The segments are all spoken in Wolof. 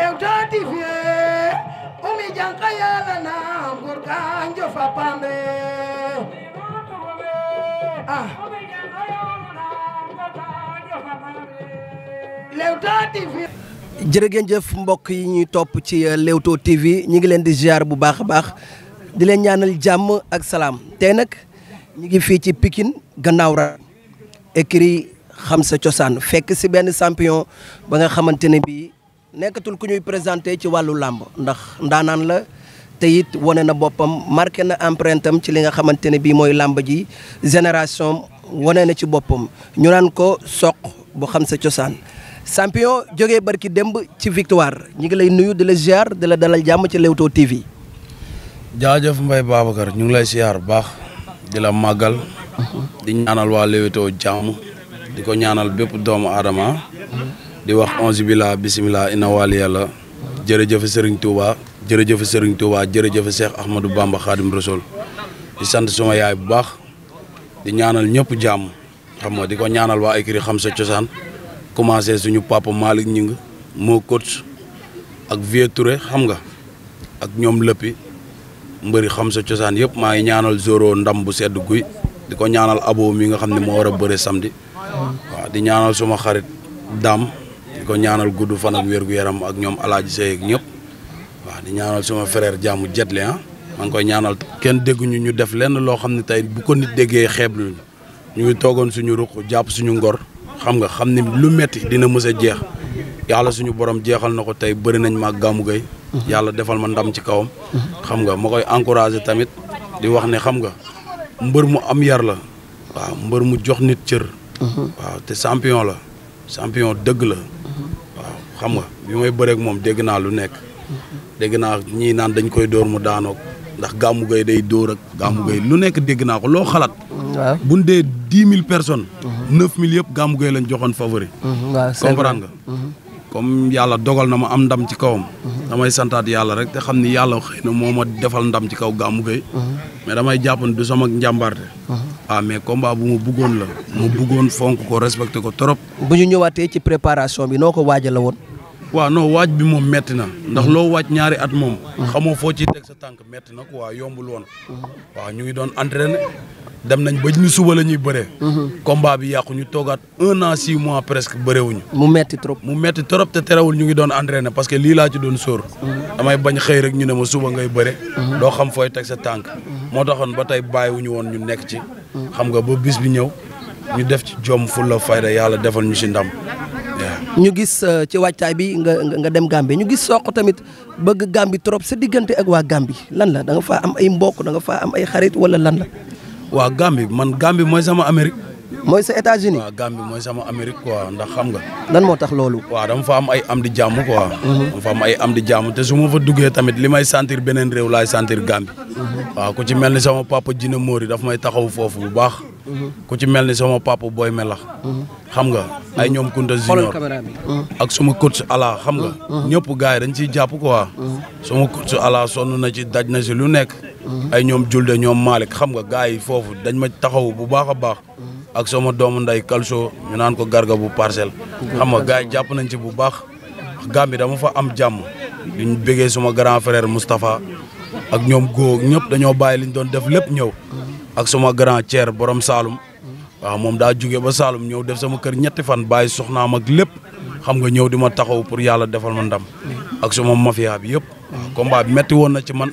jërëgënjëf TV Oumy Diankha mbokk yi ñuy topp ci euh, Leewtoo TV ñu ngi leen di gear bu baax a baax di leen ñaanal jàmm ak salaam te nag ñu ngi fii ci pikin gannaaw ra écrit xam sa cosaan fekk si benn champion ba nga xamante ne bii nekkatul ku ñuy présenté ci wàllu làmb ndax ndaanaan la te it wane na boppam marqué na empreinte am ci li nga xamante ne bii mooy làmb ji génération wane na ci boppam ñu naan ko soq bu xam sa cosaan. champion jógee barki démb ci victoire ñu ngi lay nuyu di la ziar di la dalal jàmm ci Leewtoo TV. jaajëf Mbaye Babacar ñu ngi lay ziar bu baax di la màggal. di ñaanal waa Leewtoo jàmm di ko ñaanal bépp doomu aadama. di wax onze billah bisimilah inna waali yàlla jërëjëf sëriñ Touba jërëjëf sëriñ Touba jërëjëf Cheikh Ahmadou Bamba Khadim Rasoul di sant suma yaay bu baax di ñaanal ñëpp jàmm xam nga di ko ñaanal waa écurie xam sa cosaan commencé suñu papa Malick Ñing moo coach ak Vieux xam nga ak ñoom lëppi mbëri xam sa cosaan yëpp maa ngi ñaanal Zoro ndam bu sedd guy di ko ñaanal abo mi nga xam ne moo war a bëre samedi waaw di ñaanal suma xarit Dame ko ñaanal gudd fan ak wér gu yaram ak ñoom alaaji sey ak ñëpp waaw di ñaanal suma frère jàmm jetli ah maa ngi koy ñaanal kenn dégguñu ñu def lenn loo xam ne tey bu ko nit déggee xeebluñu ñu ngi toogoon suñu ruq jàpp suñu ngor xam nga xam ne lu metti dina mës jeex yàlla suñu boroom jeexal na ko tey bëri nañ ma gàmmu gay yàlla defal ma ndam ci kawam xam nga ma koy encouragé tamit di wax ne xam nga mbër mu am yar la waaw mbër mu jox nit cër uhuh. waaw te champion la champion dëgg la xam nga bi may bëreeg moom dégg naa lu nekk dégg naa ñii naan dañ koy dóor mu daanoog ndax gàmmu gay day dóor ak gàmmu gay lu nekk dégg naa ko loo xalaat waaw buñ dee dix mille personnes neuf mille yëpp gàmmu gay lañ joxoon favori comprendre nga mhm. comme yàlla dogal na ma am ndam ci kawam damay santaat yàlla rek te xam ni yàlla xëy na moo ma defal ndam ci kaw gàmmu gay mhm. mais damay jàpp ne du sama njàmbaarte waaw mhm. ah, mais combat bu ma bëggoon la ma bëggoon fonk ko ko trop bu ñu ñëwaatee ci waaw no waaj bi moom metti na ndax mm-hmm. loo waaj ñaari at moom mm-hmm. xamoo foo ci teg sa tànk metti na quoi yombul woon mm-hmm. waaw ñu ngi doon entraîné dem nañ ba nu suba la ñuy bëree combat bi yàqu ñu toogaat un an six mois presque bëreewuñu mu metti trop mu metti trop te terewul ñu ngi doon entraîné parce que lii laa ci doon sóor damay bañ xëy rek ñu ne ma suba ngay bëre doo xam fooy teg sa tànk moo taxoon ba tey bàyyiwuñu woon ñu nekk ci xam nga ba bis bi ñëw ñu def ci jom yàlla defal ñu si ndam ñu gis euh, ci waajtaay bi nga nga dem Gambie ñu gis Sokh tamit bëgg Gambie trop sa diggante ak waa Gambie lan la da nga faa am ay mbokk danga nga faa am ay xarit wala lan la. waa Gambie man Gambie mooy sama Amérique. mooy sa États-Unis waaw Gambie mooy sama Amérique quoi ndax xam nga. lan moo tax loolu. waaw dama fa am ay am di jàmm quoi. Mhm. dama fa am ay am di jàmm te su ma fa duggee tamit li may sentir beneen réew laay sentir Gambie. Mhm. waaw ku ci mel ni sama papa Jine Mori taxaw foofu bu baax. ku ci mel ni sama papa booy melax xam nga ay ñoom Kunta Junior ak sama coach ala xam nga mm-hmm. Mm-hmm. ñëpp gars yi dañ ciy jàpp quoi sama coach ala sonn na ci daj na si lu nekk mm-hmm. ay ñoom julde ñoom Malick xam nga gars yi foofu dañ ma taxaw bu baax a baax ak sama doomu nday Kalso ñu naan ko garga bu parcelle xam nga gars jàpp nañ si bu baax Gàmbi dama fa am jàmm ñu bëggee suma grand frère Moustapha ak ñoom góor ñëpp dañoo bàyyi liñ doon def lépp ñëw a sama grand Thier borom Saalum waaw moom daa jóge ba Saalum ñëw def sama kër ñetti fan ba bàyyi soxnaam ak lépp xam nga ñëw di ma taxaw pour yàlla defal ma ndam ak sama mafia bi yëpp waaw bi métti woon na ci man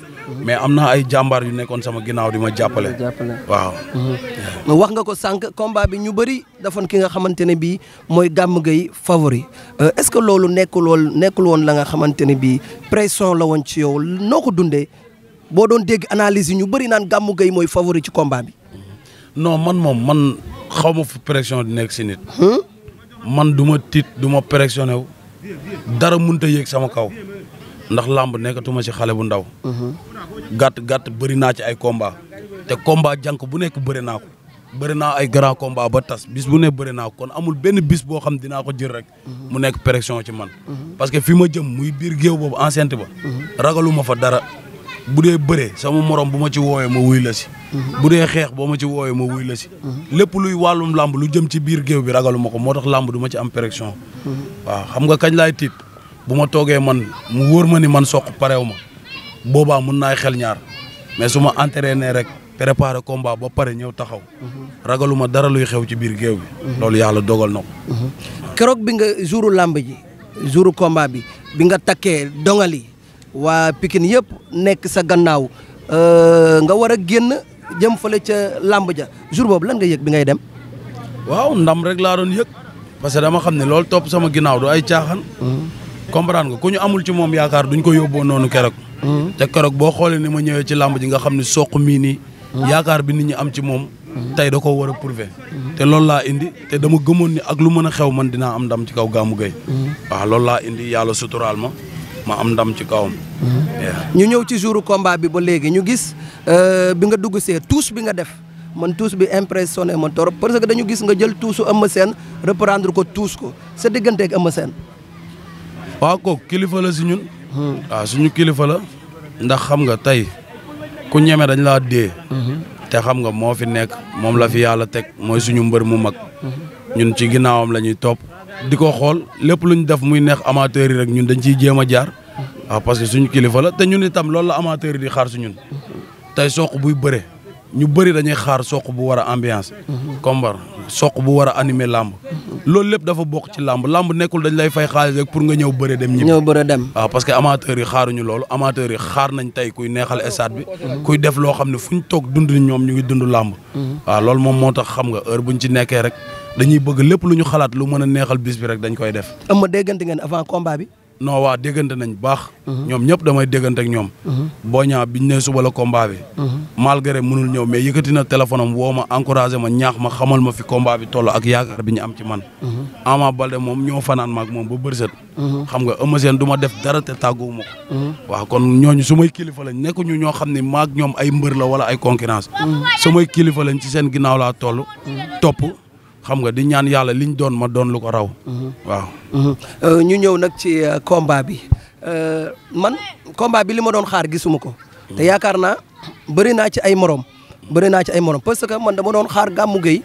mais am na ay jàmbaar yu nekkoon sama ginnaaw di ma jàppale waaw mm-hmm. wax nga ko sànq combat bi ñu bëri dafoon ki nga xamante ne bii mooy Gàmmu Gay favori euh, est-ce que loolu nekkul woon nekkul woon la nga xamante ne bii pression la woon ci yow noo ko dunde boo doon dégg analyse ñu bëri naan Gamou Gueye mooy favori ci combat bi. non man moom man xaw ma fu pression di nekk si nit. man du ma tiit du ma pressionné wu dara mënut a yéeg sama kaw ndax làmb nekkatuma si xale bu ndaw. gàtt gàtt bëri naa ci ay combat te combat jànk bu nekk bëri naa ko. bëri naa ay grand combat ba tas bis bu ne bëri naa kon amul benn bis boo xam dinaa ko jël rek. mu nekk pression ci man. Mhm. parce que fi ma jëm muy biir géew boobu enceinte ba. Mhm. ragalu fa dara. bu dee bëree sama morom bu ma ci woowee ma wuy la si mhm. bu dee xeex boo ma ci woowee ma wuy la si mhm. lépp luy wàllum làmb lu jëm ci biir géew bi ragalu ma ko moo tax làmb du ma ci am pression mhm. waaw xam nga kañ laay tiit bu ma toogee man mu wóor ma ni man soq pareew ma boobaa mun naa xel ñaar mais suma ma entraîné rek préparé combat ba pare ñëw taxaw ragaluma dara luy xew ci biir géew bi loolu yàlla dogal na ko keroog bi nga jouru làmb ji jouru combat bi bi nga takkee dongali waa pikin yëpp nekk sa gannaaw euh, nga war a génn jëm fële ca làmb ja jour boobu lan nga yëg bi ngay dem. waaw ndam rek laa doon yëg parce que dama xam ne loolu topp sama ginnaaw du ay caaxaan. Hmm. comprendre nga ku ñu amul ci moom yaakaar duñ ko yóbboo noonu keroog. Hmm. te keroog boo xoolee ni ma ñëwee ci làmb ji nga xam ne soq mii nii. Hmm. yaakaar bi nit ñi am ci moom. tey da ko war a prouver. te loolu laa indi te dama gëmoon ni ak lu mën a xew man dinaa am ndam ci kaw gàmmu gay. waaw laa indi yàlla suturaal ma am ndam ci kawam. ñu ñëw ci jouru combat bi ba léegi ñu gis euh, bi nga dugg see tuus bi nga def man tuus bi impressionné ma trop parce que dañu gis nga jël tuusu Eumeu Sène reprendre ko tuus ko sa digganteeg Eumeu Sène. waaw kooku kilifa la si ñun. Hmm. waaw suñu kilifa la. ndax xam nga tey ku ñeme dañ laa dee. Hmm. te xam nga moo fi nekk moom la fi yàlla teg mooy suñu mbër mu mag. Hmm. ñun ci ginnaawam la topp. di ko xool lépp lu ñu def muy neex amateurs yi rek ñun dañ ciy jéem a jaar waaw parce que suñu kilifa la te ñun itam loolu la amateurs di xaar su ñun tey soq buy bëre ñu bëri dañuy xaar soq bu war a ambiance combat soq bu war a animer làmb loolu lépp dafa bokk ci làmb làmb nekkul dañ lay fay xaalis rek pour nga ñëw bëre dem ñëw bëre dem waaw parce que amateurs yi xaaruñu loolu amateurs yi xaar nañ tey kuy neexal stade bi kuy def loo xam ne fu ñu toog dund ni ñoom ñu ngi dund làmb mm-hmm. waaw loolu moom moo tax xam nga heure buñ ci nekkee rek dañuy bëgg lépp lu ñu xalaat lu mën a neexal bis bi rek dañ koy def. ëmb déggante nga avant combat bi. non waa déggante nañ baax. Mhm. ñoom ñëpp damay déggante ak ñoom. Mhm. boña biñ ne suba la combat bi. Mhm. malgré mënul ñëw mais yëkkati na téléphone am woo ma encouragé ma ñaax ma xamal ma fi combat bi toll ak yaakaar bi ñu am ci man. Ama Balde moom ñoo fanaan ma ak moom ba bërsët. xam nga Eumeu Sène du ma def dara te tàgguwu ma ko. waaw kon ñooñu sumay kilifa lañ nekkuñu ñoo xam ne maak ñoom ay mbër la wala ay concurrence. sumay kilifa lañ ci seen ginnaaw laa toll. topp. xam nga di ñaan yàlla liñ doon ma doon lu ko raw. Mhm. waaw. Mhm. Euh, ñu ñëw nag ci euh, combat bi euh, man combat bi li ma doon xaar gisuma ko. te yaakaar naa bëri naa ci ay morom. bëri naa ci ay morom parce que man da ma doon xaar Gamou Gueye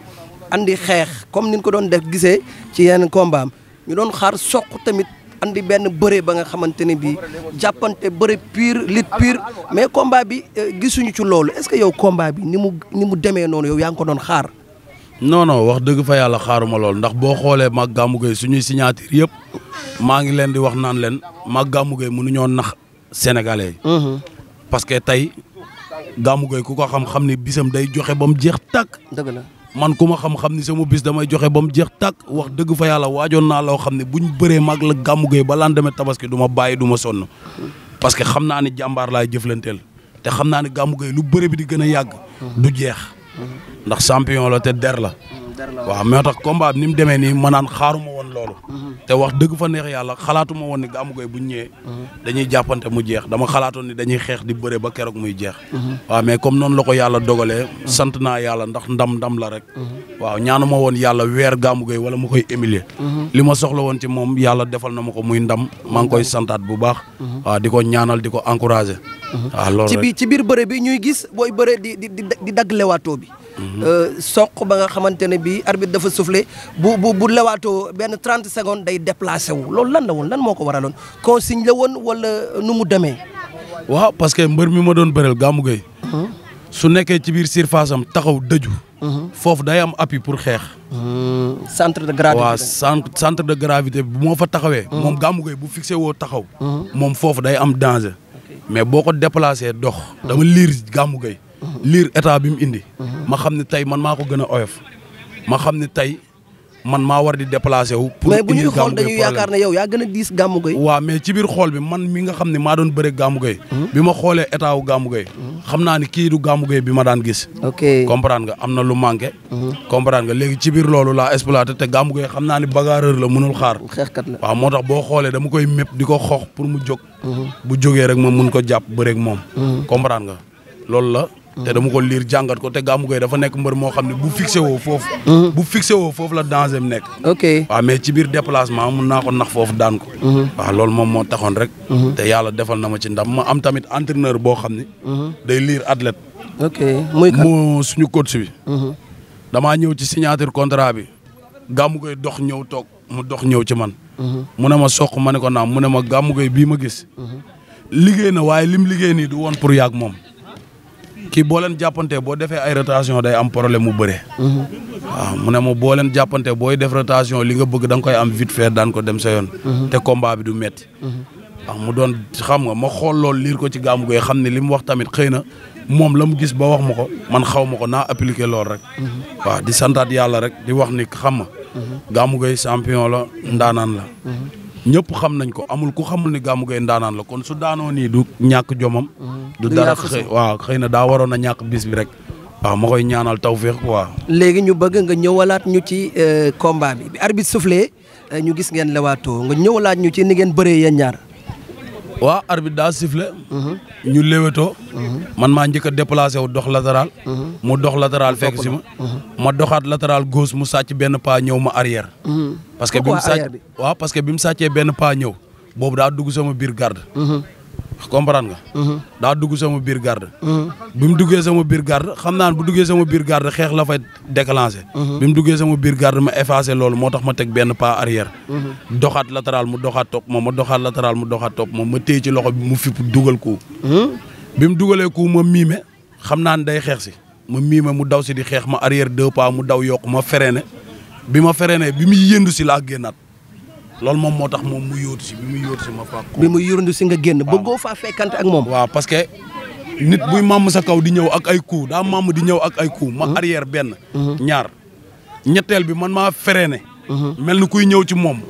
andi xeex comme ni ñu ko doon de gisee ci yenn combat am ñu doon xaar soq tamit andi benn bëre ba nga xamante ne bii jàppante bëre pire lit pire mais combat bi gisuñu ci loolu est-ce que yow combat bi ni mu ni mu demee noonu yow yaa ngi ko doon xaar. no non wax dëgg fa yàlla xaaruma lool ndax boo xoolee mag Gamou Gueye suñuy signature yëpp maa ngi leen di wax naan leen mag Gamou Gueye mënuñoo nax sénégalais mhm. parce que tey gaamu Gueye ku ko xam-xam ni bisam day joxe ba mu jeex tàkk. dëgg la man ku ma xam-xam ni sama bis damay joxe ba mu jeex tàkk wax dëgg fa yàlla waajoon naa loo xam ne buñ bëree mag la Gamou Gueye ba lendemain tabaski duma ma bàyyi du sonn parce que xam naa ni jàmbaar laay jëflanteel te xam naa ne Gamou Gueye lu bëre bi di gën a yàgg. ndax champion la te der la waaw moo tax combat bi ni mu demee nii ma naan xaaruma woon loolu te wax dëgg fa neex yàlla xalaatuma woon ni Gamou Gueye bu ñu ñëwee dañuy jàppante mu jeex dama xalaatoon ni dañuy xeex di bëre ba keroog muy jeex waaw mais comme noonu la ko yàlla dogalee sant naa yàlla ndax ndam ndam la rek waaw ñaanuma woon yàlla weer Gamou Gueye wala ma koy humilier li ma soxla woon ci moom yàlla defal na ma ko muy ndam maa ngi koy santaat bu baax waaw di ko ñaanal di ko encouragé waaw loolu ci biir ci biir Euh, soq ba nga xamante ne bii arbitre dafa soufflé bu bu bu benn 30 secondes day déplacé wu loolu lan la woon lan moo ko waraloon consigne la woon wala nu mu demee. waaw parce que mbër mi ma doon bëreel Gamou Gueye. su nekkee ci biir surface am taxaw dëju. foofu day am appui pour xeex. centre de gravité waaw centre de gravité bu moo fa taxawee. moom Gamou Gueye bu fixé woo taxaw. moom foofu day am danger. mais boo ko déplacé dox. dama liir Gamou Gueye liir état bi mu indi. ma xam ne tey man maa ko gën a oyof. ma xam ne tey man maa war di déplacé wu. pour mais bu ñuy xool dañuy yaakaar ne yow yaa gën a diis gàmmu gay. waaw mais ci biir xool bi man mi nga xam ne maa doon bëre gàmmu hmm? bi ma xoolee état wu gàmmu gay. xam naa ne kii du gàmmu bi ma daan gis. ok comprendre nga am na lu manqué. Hmm. comprendre nga léegi ci biir loolu laa exploité te gàmmu gay xam naa ne bagarreur la mënul xaar. xeexkat la moo tax boo xoolee dama koy mépp di ko xoox pour mu jóg. Hmm. bu jógee rek ma mun ko jàpp bëreeg moom. comprendre nga te dama ko liir jàngat ko te gàmmu koy dafa nekk mbër moo xam ne bu fixé woo foofu. Mhm. bu fixé woo foofu la danger mu nekk. ok waaw mais ci biir déplacement mun naa ko nax foofu daan ko. Mhm. waaw loolu moom moo taxoon rek. Mhm. te yàlla defal na ma ci ndam ma am tamit entraîneur boo xam ni. day liir athlète. ok mu suñu coach bi. damaa ñëw ci signature contrat bi. gàmmu koy dox ñëw toog mu dox ñëw ci man. mu ne ma soq ma ne ko naam mu ne ma gàmmu koy bii ma gis. liggéey na waaye lim liggéey nii du woon pour yàgg moom. kii boo leen jàppante boo defee ay rotation day am problème mu bëre. waaw mu ne ma boo leen jàppante booy def rotation li nga bëgg da nga koy am vite fait daan ko dem sa yoon. te combat bi du metti a mu doon xam nga ma xool loolu liir ko ci gàmmu goy xam ne li mu wax tamit xëy na moom la mu gis ba wax ma ko man xaw ma ko naa appliqué loolu rek. waaw di santaat yàlla rek di wax ni xam ma. gàmmu goy champion la ndaanaan la. ñëpp xam nañ ko amul ku xamul ni Gamou Gueye ndaanaan la kon su daanoo nii du ñàkk jomam. Mm-hmm. du dara xëy na daa waroon a ñàkk bis bi rek. waaw ma koy ñaanal tawféex quoi. léegi ñu bëgg nga ñëwalaat ñu ci euh, combat bi bi arbitre soufflé euh, ñu gis ngeen waato nga ñëwalaat ñu ci ni ngeen bëree yéen ñaar. waaw arbitre daa sifflé ñu lewetoo man maa njëkk a déplacé wu dox latéral mu dox latéral fekk si ma ma doxaat latéral gauche mu sàcc benn pas ñëw ma arrière parce que bi mu sàcc waaw parce que bi mu sàccee benn paa ñëw boobu daa dugg sama biir garde comprendre nga. Mhm. daa dugg sama biir garde. Mhm. bi mu duggee sama biir garde xam naa bu duggee sama biir garde xeex la fay déclenché. Mhm. bi mu duggee sama biir garde ma effacé loolu moo tax ma teg benn pa arrière. doxaat latéral mu doxaat topp ma ma doxaat latéral mu doxat topp ma ma téye ci loxo bi mu fipp dugal ko. bi mu dugalee ku ma miime xam naa ne day xeex si ma miime mu daw si di xeex ma arrière deux pas mu daw yokk ma freiné bi ma freiné bi muy yëndu si laa génnaat. loolu moom moo tax moom mu yóotu si bi mu yóotu si ma fàq. bi mu yóotu si nga génn. bëggoo faa fekkante ak moom. waaw parce que nit buy màmm sa kaw di ñëw ak ay coups daa màmm di ñëw ak ay coups. ma mhm. arrière benn. Mhm. ñaar ñetteel bi man maa freiné. Mhm. mel ni kuy ñëw ci moom.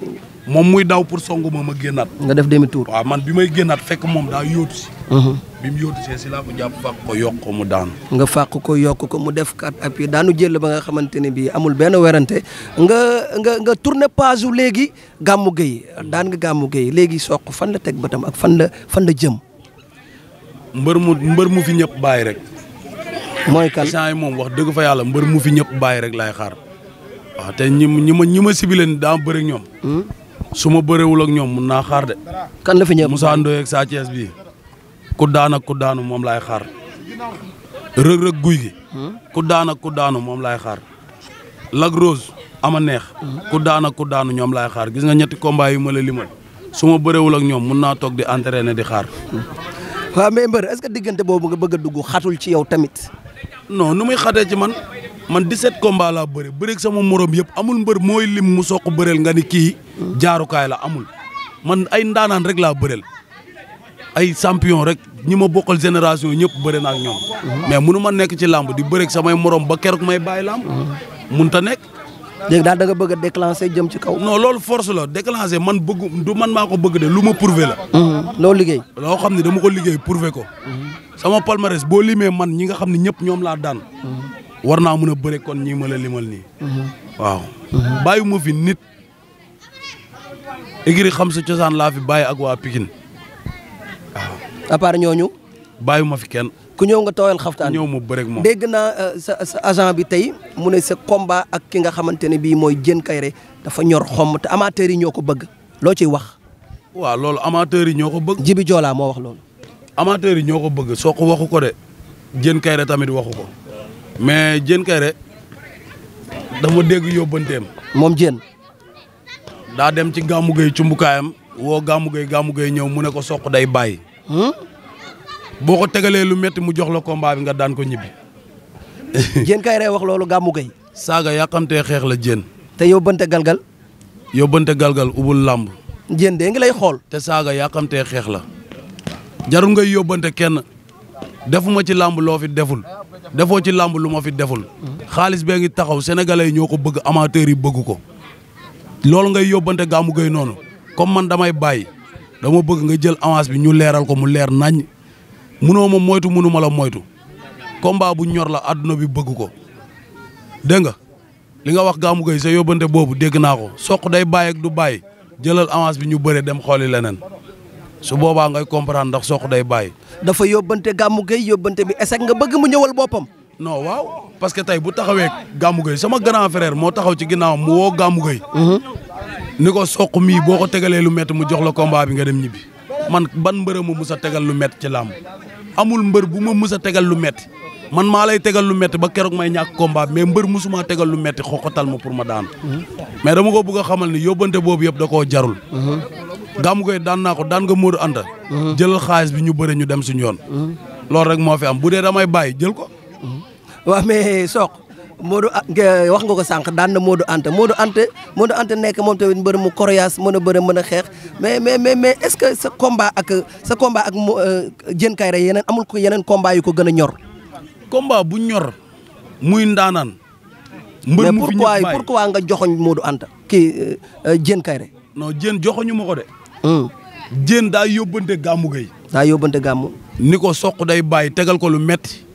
moom muy daw pour songu ma ma génnaat. nga def demi tour. waaw man bi may génnaat fekk moom daa yóotu si. bi mu yóotu see si laa ko jàpp ko yokk ko mu daanu. nga fàq ko yokk ko mu def quatre appuis daanu jël ba nga xamante ne bii amul benn werante nga nga nga tourné page u léegi gàmmu géey daan nga gàmmu géey léegi soq fan la teg bëtam ak fan la fan la jëm. mbër mu mbër mu fi ñëpp bàyyi rek. mooy kan saa moom wax dëgg fa yàlla mbër mu fi ñëpp bàyyi rek laay xaar. waaw te ñi ñi ma ñi ma sibilen daa bëri ñoom. Hmm? su ma bëriwul ñoom mun naa xaar de. kan la fi ñëpp ku daana ak ku daanu moom laay xaar rëg-rëg guy gi ku daana ku daanu moom laay xaar Lac Rose ama neex ku daana ku daanu ñoom laay xaar gis nga ñetti combat yu ma lima limal su ma bëréwul ak ñoom mun naa toog di entraîner di xaar waaw mais mbër est-ce que diggante boobu nga bëgg a dugg xatul ci yow tamit non nu muy xatee ci man man 17 combats laa bëri bëreeg sama morom yëpp amul mbër mooy lim mu soq bëreel nga ni kii jaarukaay la amul man ay ndaanaan rek laa bëreel ay champion rek ñi ma bokkal génération ñëpp bëri na ak ñoom. mais mënu ma nekk ci làmb di bëreeg samay morom ba keroog may bàyyi làmb. mun ta nekk. léegi daal daga nga bëgg a jëm ci kaw. non loolu force la déclencher man bëgg du man maa ko bëgg de lu ma prouver la. Mm-hmm. loo liggéey. loo xam ne dama ko liggéey prouver ko. Mm-hmm. sama palmarès boo limee man ñi nga xam ne ñëpp ñoom laa daan. Mm-hmm. war naa mun a bëre kon ñii ma la limal nii. waaw. bàyyi ma fi nit. écurie xam sa cosaan laa fi bàyyi ak waa waaw à part ñooñu. bàyyi ma fi kenn. ku ñëw nga tooyal xaftaan ñëw mu bëreeg moom dégg naa euh, sa sa agent bi tey mu ne sa combat ak ki nga xamante ne bii mooy Diène Kaïré dafa ñor xomm te amateurs yi ñoo ko bëgg loo ciy wax. waaw loolu amateurs yi ñoo ko bëgg. Jibi Joolaa moo wax loolu. amateurs yi ñoo ko bëgg soo ko waxu ko de jën Kaïré tamit waxu ko mais jën Kaïré dama dégg yóbbanteem. moom Diène. daa dem ci gàmmu gay cumbukaayam woo gàmmu gay gàmmu gay ñëw mu ne ko soq day bàyyi. boo ko tegalee lu métti mu jox la combat bi nga daan ko ñibbi. jéen kay rey wax loolu gàmmu gay. saaga yàqamtee xeex la jéen. te yóbbante galgal. yóbbante galgal ubul làmb. jéen de ngi lay xool. te saaga yàqamtee xeex la. jarul ngay yóbbante kenn defuma ci làmb loo fi deful defoo ci làmb lu ma fi deful. xaalis bee ngi taxaw sénégalais yi ñoo ko bëgg amateurs yi bëgg ko. loolu ngay yóbbante gàmmu gay noonu. comme man damay bàyyi dama bëgg nga jël avance bi ñu leeral ko mu leer nañ munoo ma moytu munuma la moytu combat bu ñor la adduna bi bëgg ko dégg nga li nga wax gaamu gay sa yóbbante boobu dégg naa ko soq day bàyyi ak bàyyi jëlal avance bi ñu bëre dem xooli leneen su boobaa ngay comprendre ndax soq day bàyyi. dafa yóbbante gaamu gay yóbbante bi ese nga bëgg mu ñëwal boppam. no waaw parce que tey bu taxawee gaamu gay sama grand frère moo taxaw ci ginnaaw mu woo gaamu gay ni ko soq mii boo ko tegalee lu métti mu jox la combat bi nga dem ñibbi man ban mbër mu mus a tegal lu métti ci làmb amul mbër bu ma mus a tegal lu métti man maa lay tegal lu métti ba keroog may ñàkk combat mais mbër musuma tegal lu métti tal ma pour ma daan mais dama ko bëgg a xamal ni yóbbante boobu yëpp da koo jarul gàmmu koy daan naa ko daan nga Modou Anta jël xaalis bi ñu bëri ñu dem suñu yoon loolu rek moo fi am bu dee damay bàyyi jël ko waa mais soq Modou wax nga ko sànq daan na Modou Anta Modou Anta Modou Anta nekk moom tamit mbër mu coriace mën a bëre mën a xeex mais mais mais mais est-ce que sa combat ak sa combat ak euh, Diène Kaïré yeneen amul ko yeneen combat yu ko gën a ñor. combat bu ñor muy ndaanaan. mbër mu fi ñëpp mais pourquoi pourquoi nga joxoñ Modou Anta kii euh, euh, Diène Kaïré. non Diène joxoñu ma ko de. Hmm. Diène daa yóbbante gàmmu gay. daa yóbbante gàmmu. ni ko soq day bàyyi tegal ko lu metti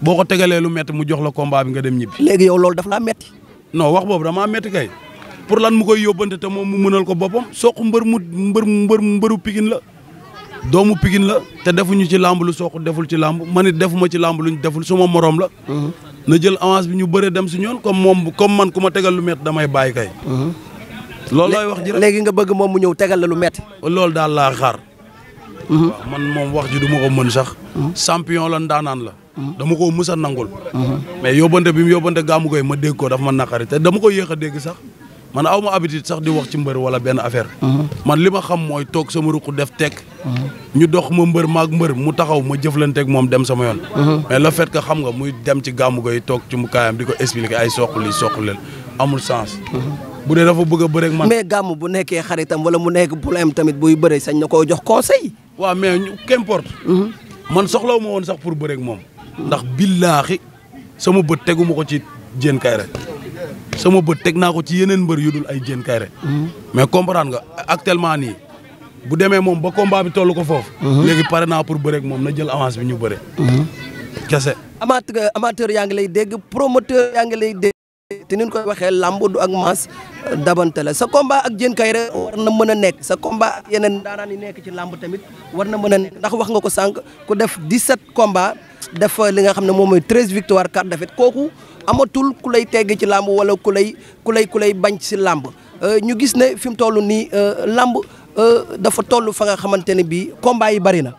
boo ko tegalee lu métti mu jox la combat bi nga dem ñibbi. léegi yow loolu daf laa métti. non wax boobu damaa métti kay pour lan mu koy yóbbante te moom mu mënal ko boppam Sokh mbër mu mbër mbër mbëru Pikine la doomu Pikine la te defuñu ci làmb lu Sokh deful ci làmb man it defuma ci làmb luñ deful suma morom la. Mhm. na jël avance bi ñu bëree dem si ñoon comme moom comme man ku ma tegal lu métti damay bàyyi kay. Mhm. loolu lay wax ji léegi nga bëgg moom mu ñëw tegal la lu métti. loolu daal laa xaar. Mhm. man moom wax ji du ma ko mën sax. champion la ndaanaan la. dama ko mus a nangul. mais yóbbante bi mu yóbbante gàmmu koy ma dégg ko daf ma naqari te dama ko yéex a dégg sax man aw ma habitude sax di wax ci mbër wala benn affaire. man li ma xam mooy toog sama ruq def tekk. ñu dox ma mbër maak mbër mu taxaw ma jëflanteeg moom dem sama yoon. mais le fait que xam nga muy dem ci gàmmu koy toog ci mu kaayam di ko expliquer ay sook soqaleel amul sens. bu dee dafa bëgg a bëreeg man. mais gàmm bu nekkee xaritam wala mu nekk problème tamit buy bëre sañ na koo jox conseil. waaw mais qu'importe. Mhm. man soxlawu ma woon sax pour bëreeg moom. ndax billaahi sama bët teguma ko ci Diène Kaïré sama bët teg naa ko ci yeneen mbër yu dul ay Diène Kaïré mais comprendre nga actuellement nii bu demee moom ba combat bi toll ko foofu. Mhm. léegi pare naa pour bëreek moom na jël avance bi ñu bëre. Mhm. kese. amateur amateur yaa ngi lay dégg promoteur yaa ngi lay te ni ñu koy waxee làmb du ak maas dabante la sa combat ak Diène Kaïré war na mën a nekk sa combat yeneen daanaan yi nekk ci làmb tamit war na mën a nekk ndax wax nga ko dafa li nga xam ne moom mooy treize victoire quatre défaites kooku amatul ku lay tegg ci làmb wala ku lay ku bañ ci làmb euh, ñu gis ne fi mu toll nii euh, làmb euh, dafa toll fa nga xamante ne bii combat yi bari na.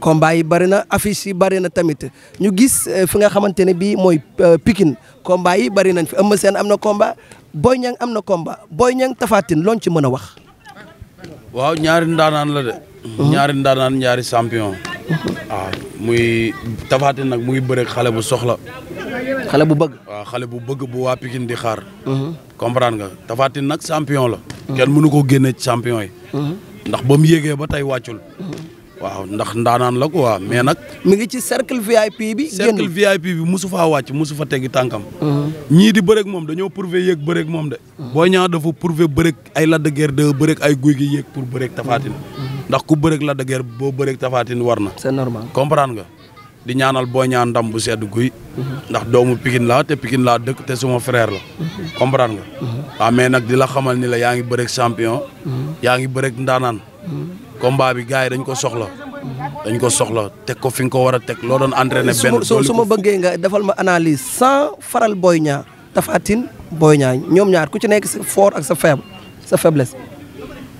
combat yi bari na affiche yi bari na tamit ñu gis fi nga xamante ne bii mooy Pikine combat yi bari nañ fi Eumeu Sène am na combat Boy Niang am na combat Boy Niang Tapha Tine looñ ci mën a wax. waaw ñaari ndaanaan ñaari ndanaan ñaari champion. waaw muy tafaati nag muy bëre xale bu soxla. xale bu bëgg. waaw xale bu bëgg bu waa Pikine di xaar. Mhm. comprendre nga tafaati nag champion la. kenn mënu ko génne ci yi. Mhm. ndax ba mu yégee ba tey wàccul. waaw ndax ndaanaan la quoi mais nag. mu ngi ci cercle VIP bi. génn cercle VIP bi mosu faa wàcc mosu fa teggi tànkam. Mhm. ñii di bëreeg moom dañoo prouver yéeg bëreeg moom de. boo ñaa dafa prouver bëreeg ay Lac de Guiers 2 ay guy gi yéeg pour bëreeg tafaati na ndax ku bëreek la dëgër boo bëreeg tafaatin war na. c'est normal comprendre nga. di ñaanal boo ñaan ndam bu sedd guy. Mhm. ndax doomu Pikine la te Pikine laa dëkk te suma frère la. Mhm. comprendre nga. Mhm. waaw nag di la xamal ni la yaa ngi bëreeg champion. yaa ngi bëreeg ndaanaan. combat bi gars yi dañ ko soxla. dañ ko soxla teg ko fi nga ko war a teg loo doon entraîné. benn su ma bëggee nga defal ma analyse sans faral booy ñaa Tapha Tine Boy Niang ñoom ñaar ku ci nekk sa fort ak sa faible sa faiblesse.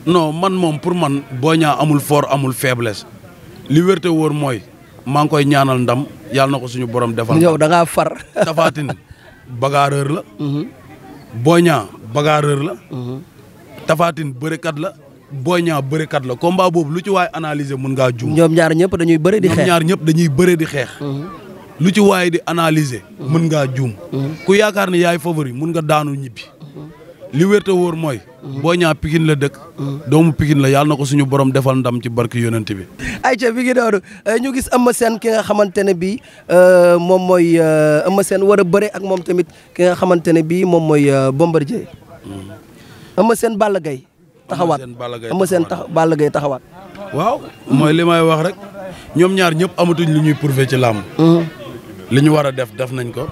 non man moom pour man Boy Niang amul foor amul faiblesse li wér mooy maa ngi koy ñaanal ndam yàlla na ko suñu borom defal. yow da ngaa far. Tapha Tine bagarreur la. Boy Niang bagarreur la. Tapha Tine bërekat la. Boy Niang bërekat la combat boobu lu ci waay analyser mun ngaa juum. ñoom ñaar ñëpp dañuy bëre di xeex ñoom ñëpp dañuy bëre di xeex. lu ci waay di analyser. mën ngaa juum. Mhm. ku yaakaar ne yaay favori mun nga daanu ñibbi. li wér wóor mooy. boo ñaa Pikine la dëkk. doomu Pikine la yàlla na ko suñu borom defal ndam ci barke yonent bi. ay ayca bi ngi doon euh, ñu gis Eumeu Sène ki nga xamante ne bii euh, moom mooy euh, Eumeu war a ak moom tamit ki nga xamante ne bii moom mooy Bombardier. Hmm. Eumeu Sène Balla Gaye. taxawaat Eumeu Sène tax Gaye taxawaat. waaw mooy li may wax rek ñoom ñaar ñëpp amatuñ lu ñuy prouver ci làmb. Hmm. li ñu war a def def nañ ko.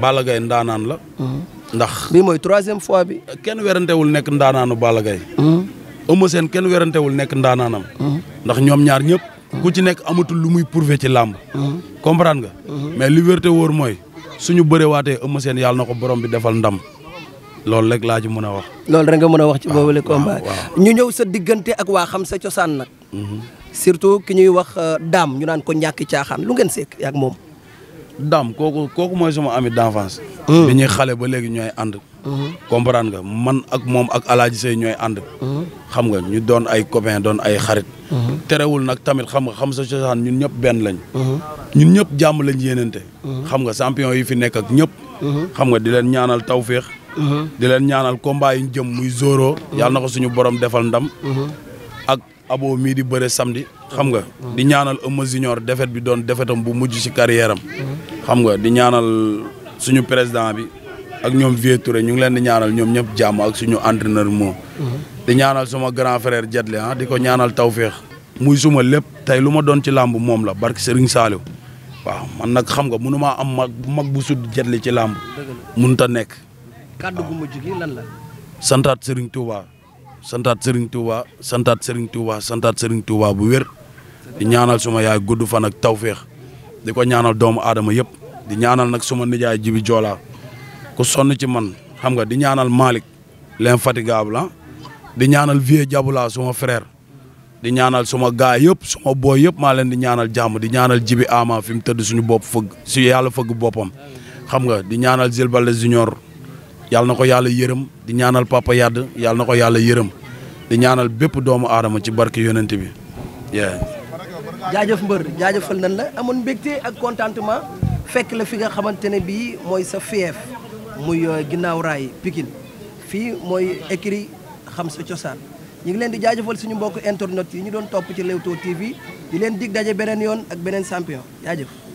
Balla Gaye ndaanaan la. Hmm. ndax bii mooy troisième fois bi. kenn werantewul nekk ndaanaanu balagay Gaye. Hmm. Eumeu Sène kenn werantewul nekk ndaanaanam. Hmm. ndax ñoom ñaar ñëpp. ku ci nekk amatul lu muy prouver ci làmb. Hmm. comprendre nga. mais li wérte wóor mooy suñu bëree waatee Eumeu Sène yàlla na ko borom bi defal ndam. loolu rek laa ci mën a wax. loolu rek nga mën a wax ci boobule combat ñu ñëw sa diggante ak waa xam sa cosaan nag. Mhm. surtout ki ñuy wax euh, daam ñu naan ko ñàkk caaxaan lu ngeen seek yaa moom. daam kooku kooku mooy sama ami d'enfance. Hmm. bi ñuy xale ba léegi ñooy ànd. Hmm. comprendre nga man ak moom ak alaaji sey ñooy ànd. Hmm. xam nga ñu doon ay copain doon ay xarit. terewul nag tamit xam nga xam sa cosaan ñun ñëpp benn lañ. ñun ñëpp jàmm lañ yéenante. xam nga champion yi fi nekk ak ñëpp. xam nga di leen ñaanal tawféex. di leen ñaanal combat yi ñu jëm muy Zoro. yàlla na ko suñu borom defal ndam. ak aboo mii di bëre samdi xam nga di ñaanal Eumeu Junior defet bi doon defetam bu mujj ci carrière xam nga di ñaanal suñu président bi ak ñoom Vieux ñu ngi leen di ñaanal ñoom ñëpp jàmm ak suñu entraîneur moo mhm. di ñaanal suma grand frère Jetle ah di ko ñaanal tawféex muy suma lépp tey lu ma doon ci làmb moom la barki Serigne Saliou waaw man nag xam nga mënu maa am mag mag bu sud Jetle ci làmb mënut a nekk. kàddu gu mujj santaat Serigne Touba santaat Serigne Touba santaat Serigne Touba bu wér di ñaanal suma yaay gudd fan ak tawféex. di ko ñaanal doomu aadama yëpp di ñaanal nag suma nijaay jibi joolaa ku sonn ci man xam nga di ñaanal Malick l'infatigable ah di ñaanal vieux Diaboula suma frère di ñaanal suma gaa yëpp suma booy yëpp maa leen di ñaanal jàmm di ñaanal jibi ama fi mu tëdd suñu bopp fëgg su yàlla fëgg boppam xam nga di ñaanal Zilbale junior yàlla na ko yàlla yërëm di ñaanal papa yadd yàlla na ko yàlla yërëm di ñaanal bépp doomu aadama ci barke yonent bi yeah jaajëf mbër jaajëfal nan la amoon mbégte ak contentement fekk la fi nga xamante ne bii mooy sa fief muy euh, ginnaaw raay pikin fii mooy écrit xam sa cosaan ñu ngi leen di jaajëfal suñu mbokk internet yi ñu doon topp ci Leewtoo TV di leen dig daje beneen yoon ak beneen champion jaajëf